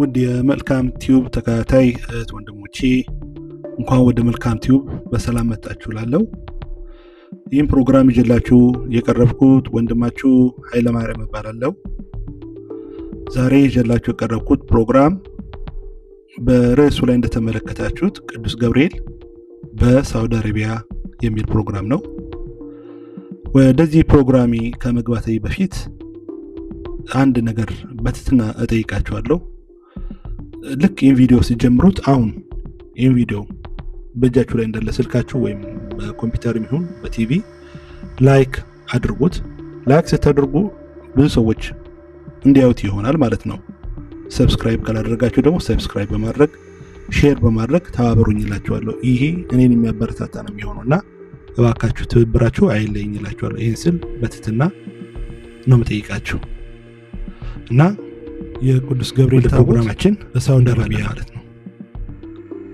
ውድ የመልካም ቲዩብ ተከታታይ እህት ወንድሞቼ እንኳን ወደ መልካም ቲዩብ በሰላም መጣችሁ ላለው ይህም ፕሮግራም ይጀላችሁ የቀረብኩት ወንድማችሁ ኃይለማርያም ይባላለው ዛሬ ይጀላችሁ የቀረብኩት ፕሮግራም በርዕሱ ላይ እንደተመለከታችሁት ቅዱስ ገብርኤል በሳውዲ አረቢያ የሚል ፕሮግራም ነው። ወደዚህ ፕሮግራሚ ከመግባቴ በፊት አንድ ነገር በትትና እጠይቃቸዋለሁ። ልክ ይህን ቪዲዮ ሲጀምሩት አሁን ይህን ቪዲዮ በእጃችሁ ላይ እንዳለ ስልካችሁ ወይም በኮምፒውተር ይሁን በቲቪ ላይክ አድርጉት። ላይክ ስታደርጉ ብዙ ሰዎች እንዲያዩት ይሆናል ማለት ነው። ሰብስክራይብ ካላደረጋችሁ ደግሞ ሰብስክራይብ በማድረግ ሼር በማድረግ ተባበሩኝ እላችኋለሁ። ይሄ እኔን የሚያበረታታ ነው የሚሆነው እና እባካችሁ ትብብራችሁ አይለኝ እላችኋለሁ። ይህን ስል በትትና ነው የምጠይቃችሁ። እና የቅዱስ ገብርኤል ፕሮግራማችን በሳውዲ አረቢያ ማለት ነው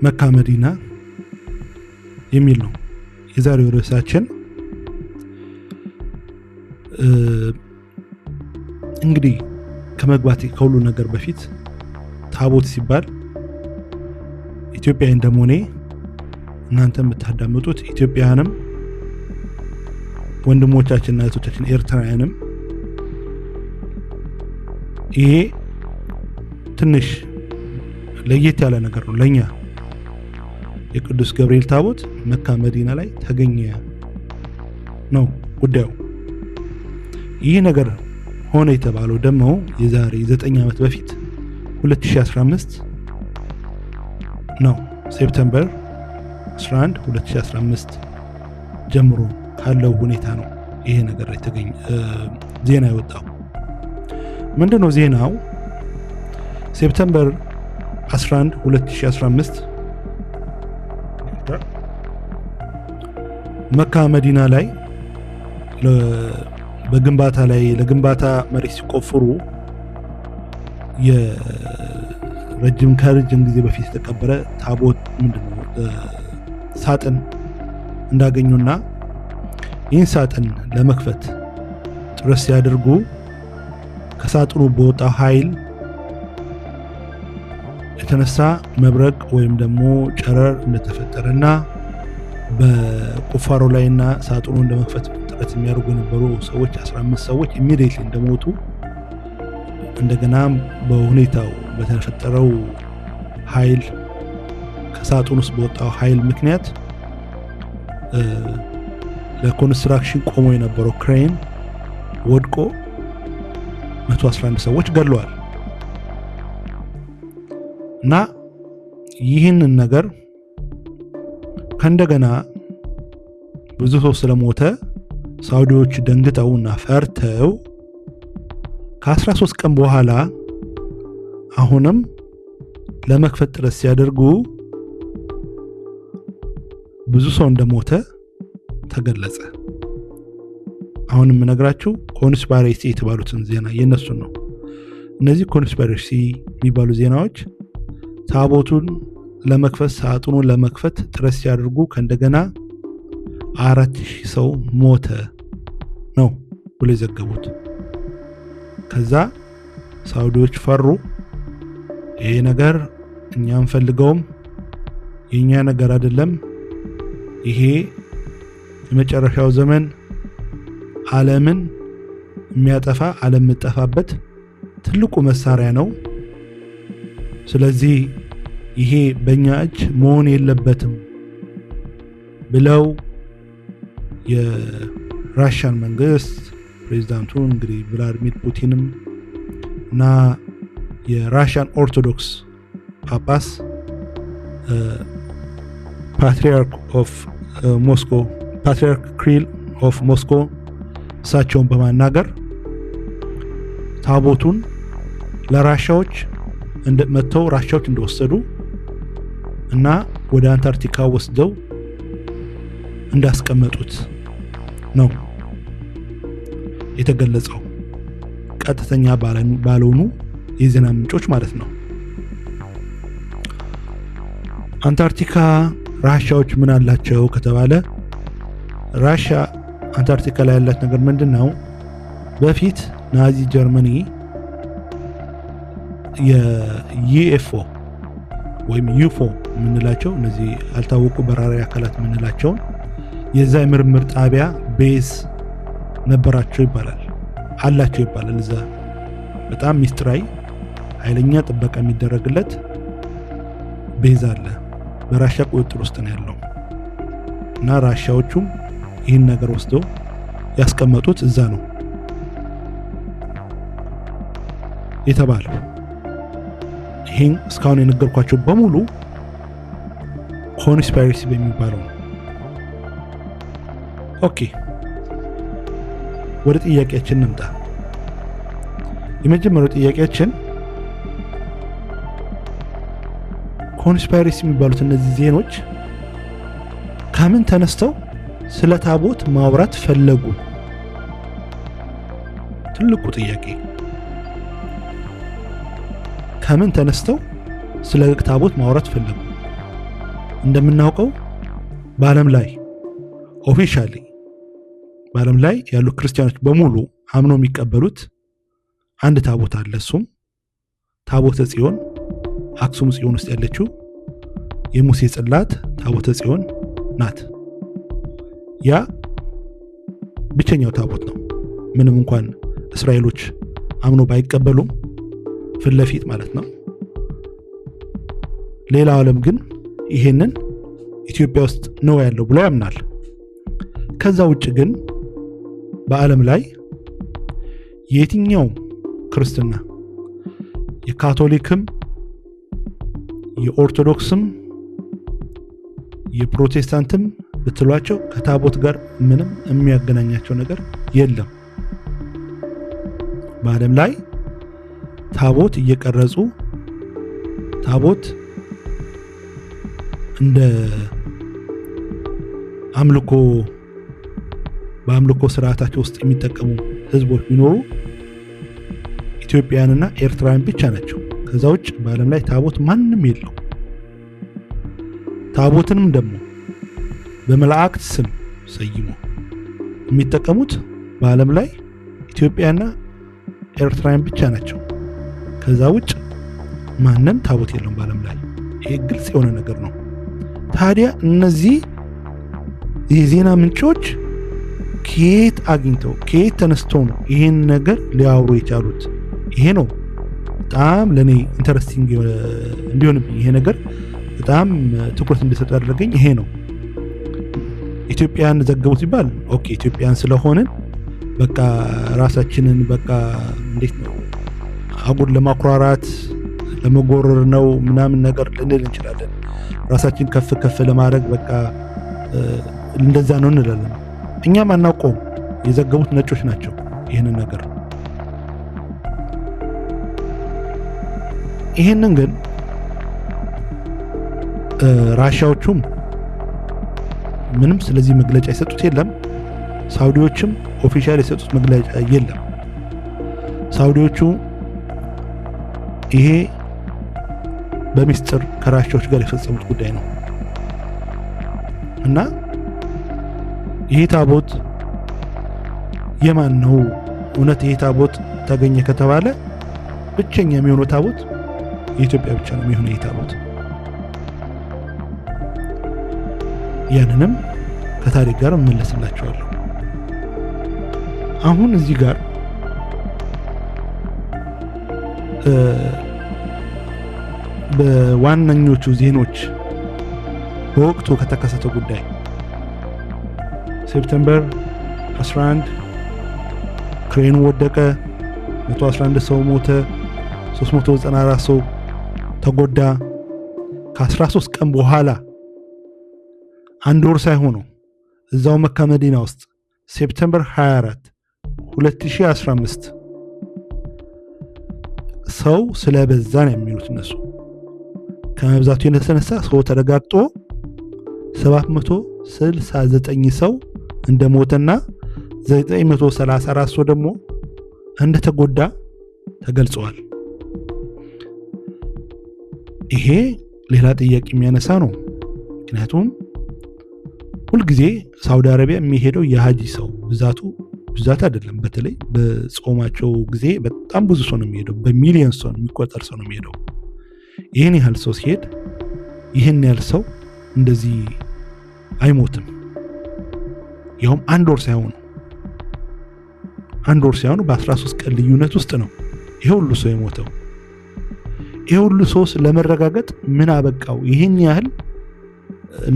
መካ መዲና የሚል ነው። የዛሬው ርዕሳችን እንግዲህ ከመግባት ከሁሉ ነገር በፊት ታቦት ሲባል ኢትዮጵያዊ እንደመሆኔ እናንተ የምታዳምጡት ኢትዮጵያውያንም ወንድሞቻችንና እህቶቻችን ኤርትራውያንም ይሄ ትንሽ ለየት ያለ ነገር ነው ለኛ። የቅዱስ ገብርኤል ታቦት መካ መዲና ላይ ተገኘ ነው ጉዳዩ። ይህ ነገር ሆነ የተባለው ደግሞ የዛሬ 9 ዓመት በፊት 2015 ነው። ሴፕተምበር 11 2015 ጀምሮ ካለው ሁኔታ ነው ይሄ ነገር ዜና የወጣው። ምንድነው ዜናው? ሴፕተምበር 11 2015 መካ መዲና ላይ በግንባታ ላይ ለግንባታ መሬት ሲቆፍሩ የረጅም ከረጅም ጊዜ በፊት የተቀበረ ታቦት ምንድነው ሳጥን እንዳገኙና ይህን ሳጥን ለመክፈት ጥረት ሲያደርጉ ከሳጥኑ በወጣው ኃይል የተነሳ መብረቅ ወይም ደግሞ ጨረር እንደተፈጠረና በቁፋሮ ላይና ሳጥኑ እንደመክፈት ጥረት የሚያደርጉ የነበሩ ሰዎች 15 ሰዎች ኢሚዲየትሊ እንደሞቱ እንደገና በሁኔታው በተፈጠረው ኃይል ከሳጥኑ ውስጥ በወጣው ኃይል ምክንያት ለኮንስትራክሽን ቆሞ የነበረው ክሬን ወድቆ 111 ሰዎች ገድለዋል። እና ይህንን ነገር ከእንደገና ብዙ ሰው ስለሞተ ሳውዲዎች ደንግጠውና ፈርተው ከ13 ቀን በኋላ አሁንም ለመክፈት ጥረት ሲያደርጉ ብዙ ሰው እንደሞተ ተገለጸ። አሁን የምነግራቸው ኮንስፓሬሲ የተባሉትን ዜና የእነሱን ነው። እነዚህ ኮንስፓሬሲ የሚባሉ ዜናዎች ታቦቱን ለመክፈት ሳጥኑን ለመክፈት ጥረት ሲያደርጉ ከእንደገና አራት ሺህ ሰው ሞተ ነው ብሎ የዘገቡት። ከዛ ሳውዲዎች ፈሩ። ይህ ነገር እኛ አንፈልገውም፣ የእኛ ነገር አይደለም፣ ይሄ የመጨረሻው ዘመን ዓለምን የሚያጠፋ ዓለም የምጠፋበት ትልቁ መሳሪያ ነው። ስለዚህ ይሄ በእኛ እጅ መሆን የለበትም ብለው የራሽያን መንግስት ፕሬዚዳንቱ እንግዲህ ቭላዲሚር ፑቲንም እና የራሽያን ኦርቶዶክስ ጳጳስ ፓትሪያርክ ኦፍ ሞስኮ ፓትሪያርክ ክሪል ኦፍ ሞስኮ እሳቸውን በማናገር ታቦቱን ለራሻዎች መጥተው ራሻዎች እንደወሰዱ እና ወደ አንታርክቲካ ወስደው እንዳስቀመጡት ነው የተገለጸው። ቀጥተኛ ባልሆኑ የዜና ምንጮች ማለት ነው። አንታርክቲካ ራሻዎች ምን አላቸው ከተባለ ራሻ አንታርክቲካ ላይ ያላት ነገር ምንድን ነው? በፊት ናዚ ጀርመኒ የዩኤፎ ወይም ዩፎ የምንላቸው እነዚህ ያልታወቁ በራሪ አካላት የምንላቸውን የዛ የምርምር ጣቢያ ቤዝ ነበራቸው ይባላል አላቸው ይባላል። እዛ በጣም ሚስጥራዊ ኃይለኛ ጥበቃ የሚደረግለት ቤዝ አለ። በራሻ ቁጥጥር ውስጥ ነው ያለው እና ራሻዎቹም ይህን ነገር ወስደው ያስቀመጡት እዛ ነው የተባለው። ይህን እስካሁን የነገርኳቸው በሙሉ ኮንስፓይሪሲ በሚባለው ነው። ኦኬ ወደ ጥያቄያችን እንምጣ። የመጀመሪያው ጥያቄያችን ኮንስፓይረሲ የሚባሉት እነዚህ ዜኖች ከምን ተነስተው ስለ ታቦት ማውራት ፈለጉ? ትልቁ ጥያቄ ከምን ተነስተው ስለ ታቦት ማውራት ፈለጉ? እንደምናውቀው በዓለም ላይ ኦፊሻሊ በዓለም ላይ ያሉ ክርስቲያኖች በሙሉ አምኖ የሚቀበሉት አንድ ታቦት አለ። እሱም ታቦተ ጽዮን አክሱም ጽዮን ውስጥ ያለችው የሙሴ ጽላት ታቦተ ጽዮን ናት። ያ ብቸኛው ታቦት ነው። ምንም እንኳን እስራኤሎች አምኖ ባይቀበሉም ፊት ለፊት ማለት ነው። ሌላው ዓለም ግን ይሄንን ኢትዮጵያ ውስጥ ነው ያለው ብሎ ያምናል። ከዛ ውጭ ግን በዓለም ላይ የትኛውም ክርስትና የካቶሊክም፣ የኦርቶዶክስም፣ የፕሮቴስታንትም ብትሏቸው ከታቦት ጋር ምንም የሚያገናኛቸው ነገር የለም። በዓለም ላይ ታቦት እየቀረጹ ታቦት እንደ አምልኮ በአምልኮ ስርዓታቸው ውስጥ የሚጠቀሙ ህዝቦች ቢኖሩ ኢትዮጵያንና ኤርትራውያን ብቻ ናቸው። ከዛ ውጭ በዓለም ላይ ታቦት ማንም የለው። ታቦትንም ደግሞ በመላእክት ስም ሰይሞ የሚጠቀሙት በዓለም ላይ ኢትዮጵያና ኤርትራን ብቻ ናቸው። ከዛ ውጭ ማንም ታቦት የለውም በዓለም ላይ። ይህ ግልጽ የሆነ ነገር ነው። ታዲያ እነዚህ የዜና ምንጮች ከየት አግኝተው ከየት ተነስተው ነው ይህን ነገር ሊያወሩ የቻሉት? ይሄ ነው በጣም ለእኔ ኢንተረስቲንግ እንዲሆንብኝ ይሄ ነገር በጣም ትኩረት እንዲሰጥ ያደረገኝ ይሄ ነው። ኢትዮጵያን ዘገቡ ሲባል ኦኬ ኢትዮጵያን ስለሆንን በቃ ራሳችንን በቃ እንዴት ነው አጉል ለማኩራራት ለመጎረር ነው ምናምን ነገር ልንል እንችላለን። ራሳችን ከፍ ከፍ ለማድረግ በቃ እንደዛ ነው እንላለን። እኛም አናውቀውም። የዘገቡት ነጮች ናቸው ይህንን ነገር። ይህንን ግን ራሻዎቹም ምንም ስለዚህ መግለጫ የሰጡት የለም። ሳውዲዎችም ኦፊሻል የሰጡት መግለጫ የለም። ሳውዲዎቹ ይሄ በሚስጥር ከራሻዎች ጋር የፈጸሙት ጉዳይ ነው እና ይሄ ታቦት የማን ነው? እውነት ይሄ ታቦት ተገኘ ከተባለ ብቸኛ የሚሆነው ታቦት የኢትዮጵያ ብቻ ነው የሚሆነው ታቦት ያንንም ከታሪክ ጋር እመለስላችኋለሁ። አሁን እዚህ ጋር በዋነኞቹ ዜኖች በወቅቱ ከተከሰተ ጉዳይ ሴፕተምበር 11 ክሬኑ ወደቀ፣ 111 ሰው ሞተ፣ 394 ሰው ተጎዳ። ከ13 ቀን በኋላ አንድ ወር ሳይሆኑ እዛው መካ መዲና ውስጥ ሴፕተምበር 24 2015 ሰው ስለበዛ ነው የሚሉት እነሱ። ከመብዛቱ የተነሳ ሰው ተረጋግጦ 769 ሰው እንደሞተና 934 ሰው ደግሞ እንደተጎዳ ተገልጸዋል። ይሄ ሌላ ጥያቄ የሚያነሳ ነው። ምክንያቱም ሁልጊዜ ሳውዲ አረቢያ የሚሄደው የሀጂ ሰው ብዛቱ ብዛት አይደለም። በተለይ በጾማቸው ጊዜ በጣም ብዙ ሰው ነው የሚሄደው። በሚሊዮን ሰው የሚቆጠር ሰው ነው የሚሄደው። ይህን ያህል ሰው ሲሄድ ይህን ያህል ሰው እንደዚህ አይሞትም። ያውም አንድ ወር ሳይሆኑ አንድ ወር ሳይሆኑ በ13 ቀን ልዩነት ውስጥ ነው ይሄ ሁሉ ሰው የሞተው። ይሄ ሁሉ ሰውስ ለመረጋገጥ ምን አበቃው? ይህን ያህል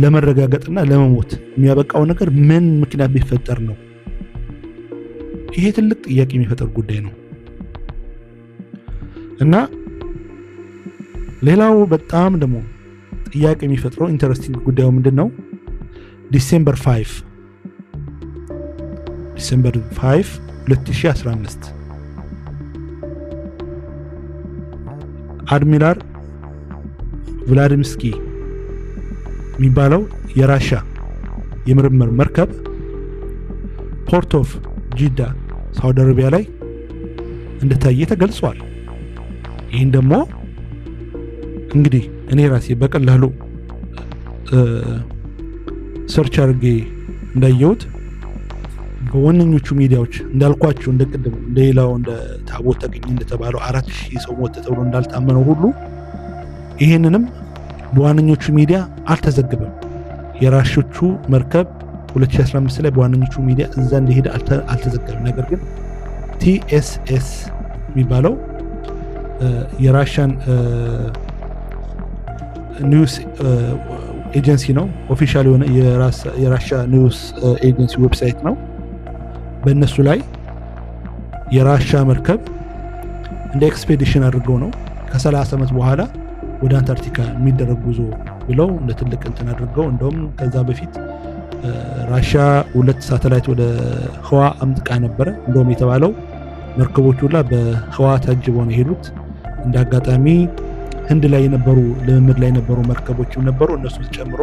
ለመረጋገጥና ለመሞት የሚያበቃው ነገር ምን ምክንያት ቢፈጠር ነው? ይሄ ትልቅ ጥያቄ የሚፈጠር ጉዳይ ነው እና ሌላው በጣም ደግሞ ጥያቄ የሚፈጥረው ኢንተረስቲንግ ጉዳዩ ምንድን ነው? ዲሴምበር 5 ዲሴምበር 5 2015 አድሚራል ቭላዲምስኪ የሚባለው የራሻ የምርምር መርከብ ፖርት ኦፍ ጂዳ ሳውዲ አረቢያ ላይ እንደታየ ተገልጿል። ይህን ደግሞ እንግዲህ እኔ ራሴ በቀላሉ ሰርች አድርጌ እንዳየሁት በዋነኞቹ ሚዲያዎች እንዳልኳቸው እንደ ቅድም እንደሌላው እንደ ታቦት ተገኘ እንደተባለው አራት ሺህ ሰው ሞተ ተብሎ እንዳልታመነው ሁሉ ይህንንም በዋነኞቹ ሚዲያ አልተዘግበም። የራሾቹ መርከብ 2015 ላይ በዋነኞቹ ሚዲያ እዛ እንደሄደ አልተዘገበም። ነገር ግን ቲኤስኤስ የሚባለው የራሽያን ኒውስ ኤጀንሲ ነው። ኦፊሻል የሆነ የራሻ ኒውስ ኤጀንሲ ዌብሳይት ነው። በእነሱ ላይ የራሻ መርከብ እንደ ኤክስፔዲሽን አድርገው ነው ከ30 ዓመት በኋላ ወደ አንታርክቲካ የሚደረግ ጉዞ ብለው እንደ ትልቅ እንትን አድርገው እንደውም ከዛ በፊት ራሻ ሁለት ሳተላይት ወደ ህዋ አምጥቃ ነበረ። እንደውም የተባለው መርከቦች ሁላ በህዋ ታጅበው ነው የሄዱት። እንደ አጋጣሚ ህንድ ላይ የነበሩ ልምምድ ላይ የነበሩ መርከቦችም ነበሩ። እነሱ ጨምሮ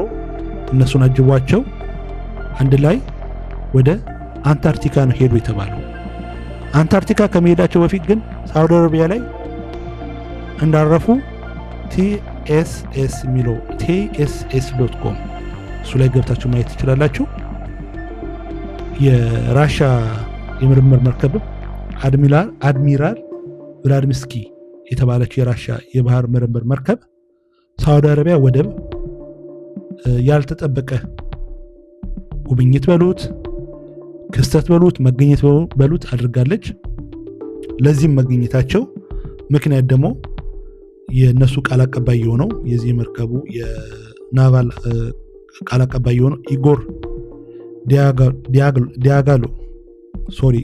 እነሱን አጅቧቸው አንድ ላይ ወደ አንታርክቲካ ነው ሄዱ የተባለው። አንታርክቲካ ከመሄዳቸው በፊት ግን ሳውዲ አረቢያ ላይ እንዳረፉ ቲኤስኤስ የሚለው ቲኤስኤስ ዶት ኮም እሱ ላይ ገብታችሁ ማየት ትችላላችሁ። የራሻ የምርምር መርከብም አድሚራል ቭላድሚስኪ የተባለችው የራሻ የባህር ምርምር መርከብ ሳውዲ አረቢያ ወደብ ያልተጠበቀ ጉብኝት በሉት ክስተት በሉት መገኘት በሉት አድርጋለች። ለዚህም መገኘታቸው ምክንያት ደግሞ የእነሱ ቃል አቀባይ የሆነው የዚህ መርከቡ የናቫል ቃል አቀባይ የሆነው ኢጎር ዲያጋሎ ሶሪ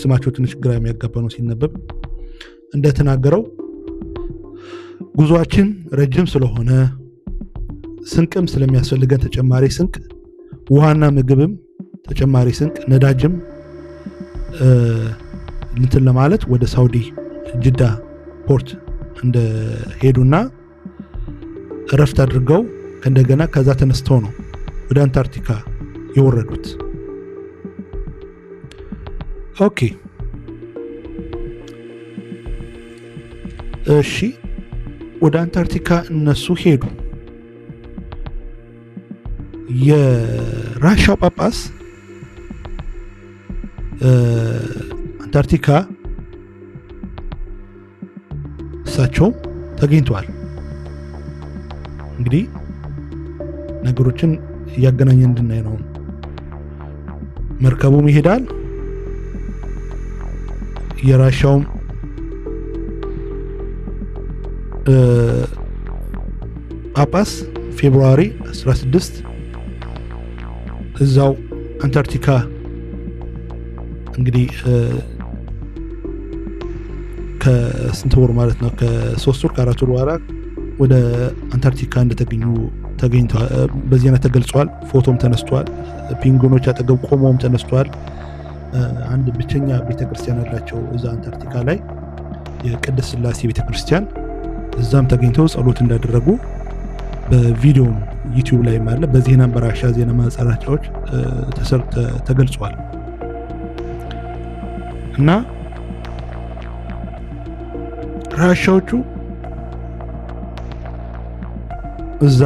ስማቸው ትንሽ ግራ የሚያጋባ ነው ሲነበብ እንደተናገረው ጉዞችን ረጅም ስለሆነ ስንቅም ስለሚያስፈልገን ተጨማሪ ስንቅ ውሃና ምግብም ተጨማሪ ስንቅ ነዳጅም እንትን ለማለት ወደ ሳውዲ ጅዳ ፖርት እንደሄዱና እረፍት አድርገው እንደገና ከዛ ተነስተው ነው ወደ አንታርክቲካ የወረዱት። ኦኬ እሺ፣ ወደ አንታርክቲካ እነሱ ሄዱ። የራሻው ጳጳስ አንታርክቲካ እሳቸውም ተገኝተዋል። እንግዲህ ነገሮችን እያገናኘ እንድናይ ነው። መርከቡም ይሄዳል፣ የራሻውም ጳጳስ ፌብርዋሪ 16 እዛው አንታርክቲካ እንግዲህ ከስንት ወር ማለት ነው ከሶስት ወር ከአራት ወር በኋላ ወደ አንታርክቲካ እንደተገኙ ተገኝተዋል። በዜና ተገልጿል። ፎቶም ተነስቷል። ፒንጉኖች አጠገብ ቆመውም ተነስቷል። አንድ ብቸኛ ቤተክርስቲያን ያላቸው እዛ አንታርክቲካ ላይ የቅድስት ስላሴ ቤተክርስቲያን እዛም ተገኝተው ጸሎት እንዳደረጉ በቪዲዮም ዩቲዩብ ላይ አለ። በዜና በራሻ ዜና ማሰራጫዎች ተገልጿል እና ራሻዎቹ እዛ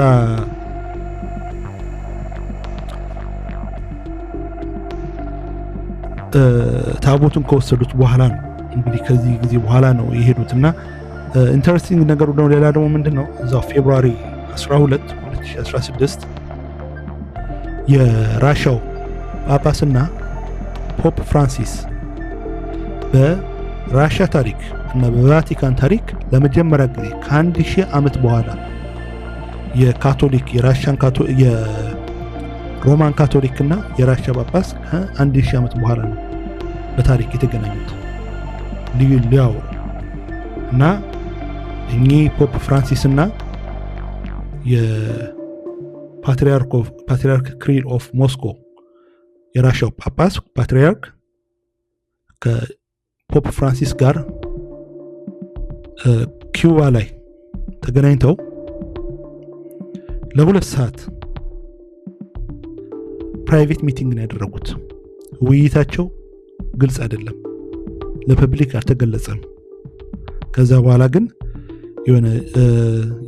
ታቦቱን ከወሰዱት በኋላ ነው እንግዲህ ከዚህ ጊዜ በኋላ ነው የሄዱት እና ኢንተረስቲንግ ነገሩ ደግሞ ሌላ ደግሞ ምንድን ነው እዛው ፌብሪ 12 2016 የራሻው ጳጳስና ፖፕ ፍራንሲስ በራሻ ታሪክ እና በቫቲካን ታሪክ ለመጀመሪያ ጊዜ ከአንድ ሺህ ዓመት በኋላ የካቶሊክ የራሽያን ካቶ የሮማን ካቶሊክ እና የራሽያ ጳጳስ ከአንድ ሺህ ዓመት በኋላ ነው በታሪክ የተገናኙት ልዩ ሊያው እና እኚህ ፖፕ ፍራንሲስ እና የፓትሪያርክ ክሪል ኦፍ ሞስኮ የራሽያው ጳጳስ ፓትሪያርክ ከፖፕ ፍራንሲስ ጋር ኪዩባ ላይ ተገናኝተው ለሁለት ሰዓት ፕራይቬት ሚቲንግ ነው ያደረጉት። ውይይታቸው ግልጽ አይደለም፣ ለፐብሊክ አልተገለጸም። ከዛ በኋላ ግን የሆነ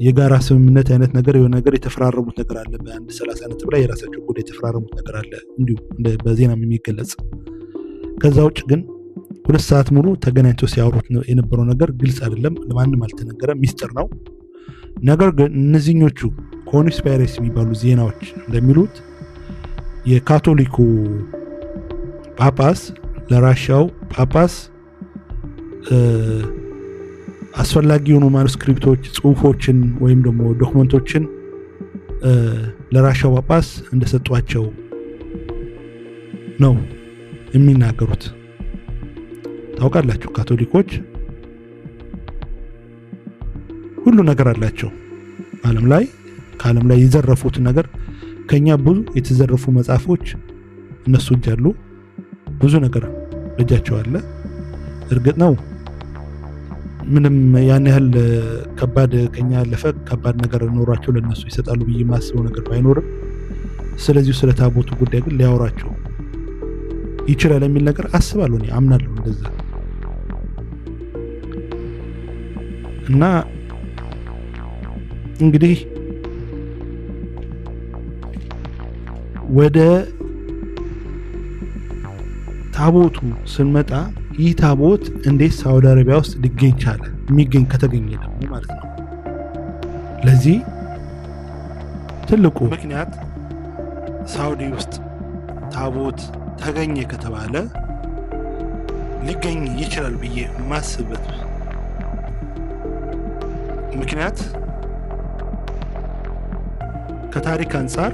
የጋራ ስምምነት አይነት ነገር የሆነ ነገር የተፈራረሙት ነገር አለ። በአንድ ሰላሳ ነጥብ ላይ የራሳቸው ጉዳይ የተፈራረሙት ነገር አለ እንዲሁ በዜናም የሚገለጽ ከዛ ውጭ ግን ሁለት ሰዓት ሙሉ ተገናኝተው ሲያወሩት የነበረው ነገር ግልጽ አይደለም፣ ለማንም አልተነገረ፣ ሚስጥር ነው። ነገር ግን እነዚህኞቹ ኮንስፓይረሲ የሚባሉ ዜናዎች እንደሚሉት የካቶሊኩ ጳጳስ ለራሻው ጳጳስ አስፈላጊ የሆኑ ማኑስክሪፕቶች፣ ጽሁፎችን ወይም ደግሞ ዶክመንቶችን ለራሻው ጳጳስ እንደሰጧቸው ነው የሚናገሩት። ታውቃላችሁ፣ ካቶሊኮች ሁሉ ነገር አላቸው። ዓለም ላይ ከአለም ላይ የዘረፉት ነገር ከኛ ብዙ የተዘረፉ መጽሐፎች እነሱ እጅ አሉ። ብዙ ነገር እጃቸው አለ። እርግጥ ነው ምንም ያን ያህል ከባድ ከኛ ያለፈ ከባድ ነገር ኖሯቸው ለነሱ ይሰጣሉ ብዬ የማስበው ነገር ባይኖርም ስለዚሁ ስለ ታቦቱ ጉዳይ ግን ሊያወራቸው ይችላል የሚል ነገር አስባለሁ፣ አምናለሁ እንደዛ እና እንግዲህ ወደ ታቦቱ ስንመጣ ይህ ታቦት እንዴት ሳውዲ አረቢያ ውስጥ ሊገኝ ቻለ? የሚገኝ ከተገኘ ደግሞ ማለት ነው። ለዚህ ትልቁ ምክንያት ሳውዲ ውስጥ ታቦት ተገኘ ከተባለ ሊገኝ ይችላል ብዬ ማስበት ምክንያት ከታሪክ አንጻር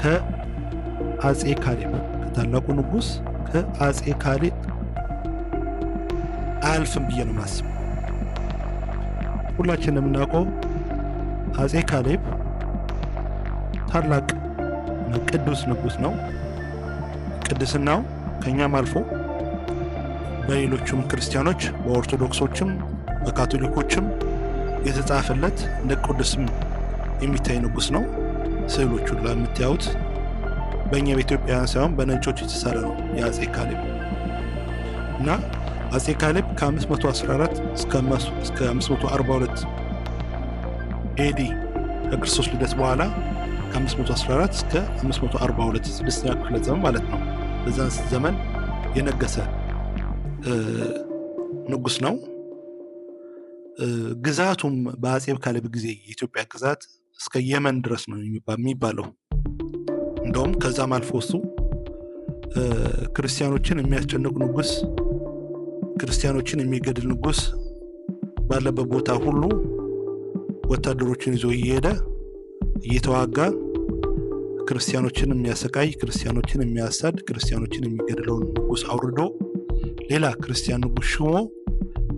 ከአጼ ካሌብ ከታላቁ ንጉስ ከአጼ ካሌብ አያልፍም ብዬ ነው ማስብ። ሁላችን የምናውቀው አጼ ካሌብ ታላቅ ቅዱስ ንጉስ ነው። ቅድስናው ከእኛም አልፎ በሌሎቹም ክርስቲያኖች በኦርቶዶክሶችም በካቶሊኮችም የተጻፈለት እንደ ቅዱስም የሚታይ ንጉስ ነው። ስዕሎቹ ላይ በእኛ በኢትዮጵያውያን ሳይሆን በነጮች የተሰራ ነው። የአጼ ካሌብ እና አጼ ካሌብ ከ514 እስከ 542 ኤዲ ከክርስቶስ ልደት በኋላ ከ514 እስከ 542 ስድስተኛ ክፍለ ዘመን ማለት ነው። በዛን ዘመን የነገሰ ንጉስ ነው። ግዛቱም በአጼ ካለብ ጊዜ የኢትዮጵያ ግዛት እስከ የመን ድረስ ነው የሚባለው። እንደውም ከዛም አልፎ እሱ ክርስቲያኖችን የሚያስጨንቅ ንጉስ፣ ክርስቲያኖችን የሚገድል ንጉስ ባለበት ቦታ ሁሉ ወታደሮችን ይዞ እየሄደ እየተዋጋ ክርስቲያኖችን የሚያሰቃይ፣ ክርስቲያኖችን የሚያሳድ፣ ክርስቲያኖችን የሚገድለውን ንጉስ አውርዶ ሌላ ክርስቲያን ንጉስ ሽሞ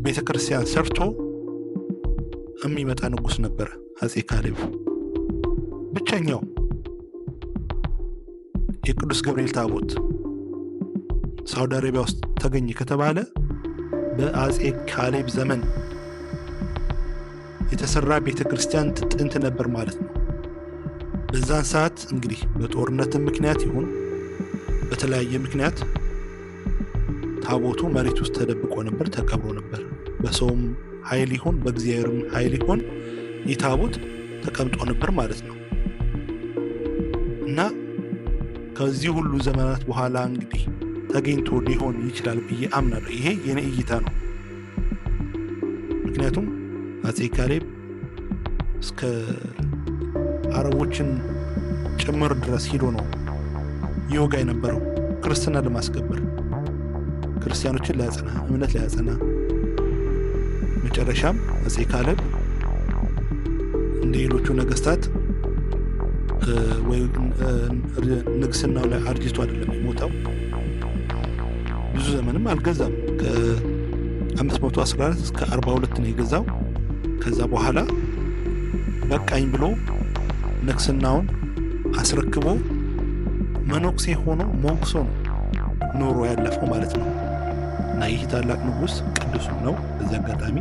ቤተ ክርስቲያን ሰርቶ የሚመጣ ንጉስ ነበረ አጼ ካሌብ ብቸኛው የቅዱስ ገብርኤል ታቦት ሳውዲ አረቢያ ውስጥ ተገኘ ከተባለ በአጼ ካሌብ ዘመን የተሰራ ቤተ ክርስቲያን ጥንት ነበር ማለት ነው። በዛን ሰዓት እንግዲህ በጦርነትን ምክንያት ይሁን በተለያየ ምክንያት ታቦቱ መሬት ውስጥ ተደብቆ ነበር፣ ተቀብሮ ነበር በሰውም ኃይል ይሁን በእግዚአብሔርም ኃይል ይሁን ይህ ታቦት ተቀምጦ ነበር ማለት ነው እና ከዚህ ሁሉ ዘመናት በኋላ እንግዲህ ተገኝቶ ሊሆን ይችላል ብዬ አምናለሁ። ይሄ የኔ እይታ ነው። ምክንያቱም አጼ ካሌብ እስከ አረቦችን ጭምር ድረስ ሂዶ ነው ይወጋ የነበረው ክርስትና ለማስከበር ክርስቲያኖችን ሊያጸና እምነት ሊያጸና መጨረሻም አጼ ካለም እንደ ሌሎቹ ነገስታት ንግስናው ላይ አርጅቶ አይደለም የሞተው። ብዙ ዘመንም አልገዛም። ከ514 እስከ 42 ነው የገዛው። ከዛ በኋላ በቃኝ ብሎ ንግስናውን አስረክቦ መኖቅሴ ሆኖ ሞንክሶ ኖሮ ያለፈው ማለት ነው። እና ይህ ታላቅ ንጉስ ቅዱስም ነው። በዚህ አጋጣሚ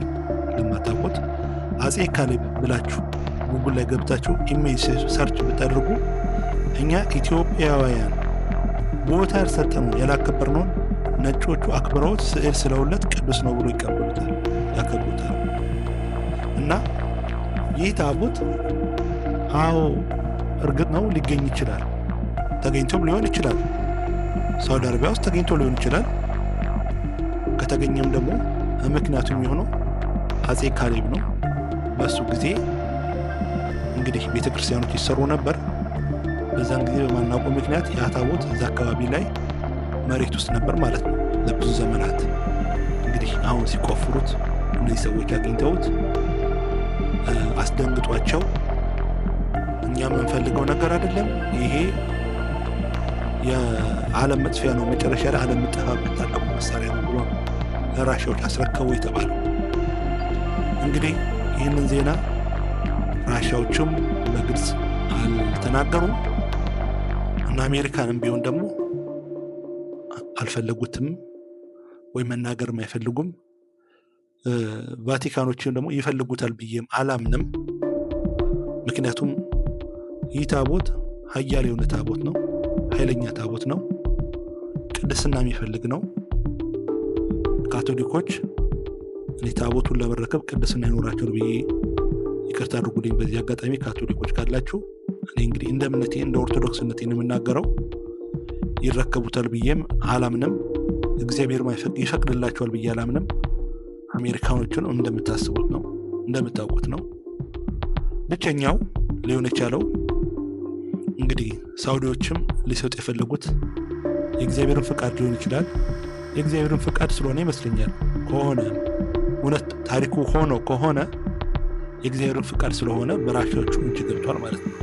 ለማታውቁት አፄ ካሌብ ብላችሁ ጉግል ላይ ገብታችሁ ኢሜጅ ሰርች ብታደርጉ እኛ ኢትዮጵያውያን ቦታ ያልሰጠነውን ያላከበርነውን ነጮቹ አክብረውት ስዕል ስለውለት ቅዱስ ነው ብሎ ይቀበሉታል፣ ያከብሩታል። እና ይህ ታቦት አዎ እርግጥ ነው ሊገኝ ይችላል፣ ተገኝቶም ሊሆን ይችላል። ሳውዲ አረቢያ ውስጥ ተገኝቶ ሊሆን ይችላል። ከተገኘም ደግሞ ምክንያቱ የሚሆነው አጼ ካሌብ ነው። በሱ ጊዜ እንግዲህ ቤተ ክርስቲያኖች ይሰሩ ነበር። በዛን ጊዜ በማናውቁ ምክንያት የአታቦት እዛ አካባቢ ላይ መሬት ውስጥ ነበር ማለት ነው ለብዙ ዘመናት። እንግዲህ አሁን ሲቆፍሩት እነዚህ ሰዎች አግኝተውት አስደንግጧቸው እኛ የምንፈልገው ነገር አይደለም ይሄ የዓለም መጥፊያ ነው፣ መጨረሻ ላይ ዓለም የምጠፋበት መሳሪያ ነው ብሏል ራሻዎች አስረከቡ የተባሉ እንግዲህ ይህንን ዜና ራሻዎችም በግልጽ አልተናገሩም እና አሜሪካንም ቢሆን ደግሞ አልፈለጉትም ወይም መናገርም አይፈልጉም። ቫቲካኖችም ደግሞ ይፈልጉታል ብዬም አላምንም። ምክንያቱም ይህ ታቦት ሀያል የሆነ ታቦት ነው፣ ኃይለኛ ታቦት ነው፣ ቅድስና የሚፈልግ ነው። ካቶሊኮች እኔ ታቦቱን ለመረከብ ቅድስና ይኖራቸውን ብዬ ይቅርታ አድርጉልኝ። በዚህ አጋጣሚ ካቶሊኮች ካላችሁ እኔ እንግዲህ እንደ እምነቴ እንደ ኦርቶዶክስነቴ የምናገረው ይረከቡታል ብዬም አላምንም። እግዚአብሔር ይፈቅድላቸዋል ብዬ አላምንም። አሜሪካኖቹን እንደምታስቡት ነው እንደምታውቁት ነው። ብቸኛው ሊሆን የቻለው እንግዲህ ሳውዲዎችም ሊሰጡ የፈለጉት የእግዚአብሔርን ፈቃድ ሊሆን ይችላል የእግዚአብሔርን ፍቃድ ስለሆነ ይመስለኛል። ከሆነ እውነት ታሪኩ ሆኖ ከሆነ የእግዚአብሔርን ፍቃድ ስለሆነ መራሻዎቹ እጅ ገብቷል ማለት ነው።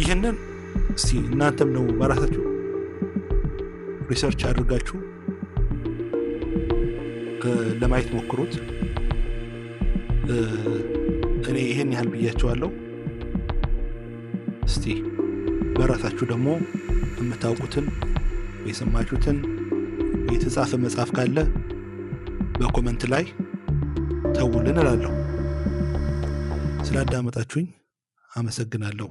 ይህንን እስቲ እናንተም ነው በራሳችሁ ሪሰርች አድርጋችሁ ለማየት ሞክሩት። እኔ ይህን ያህል ብያቸዋለሁ። እስቲ በራሳችሁ ደግሞ የምታውቁትን የሰማችሁትን የተጻፈ መጽሐፍ ካለ በኮመንት ላይ ተውልን እላለሁ። ስላዳመጣችሁኝ አመሰግናለሁ።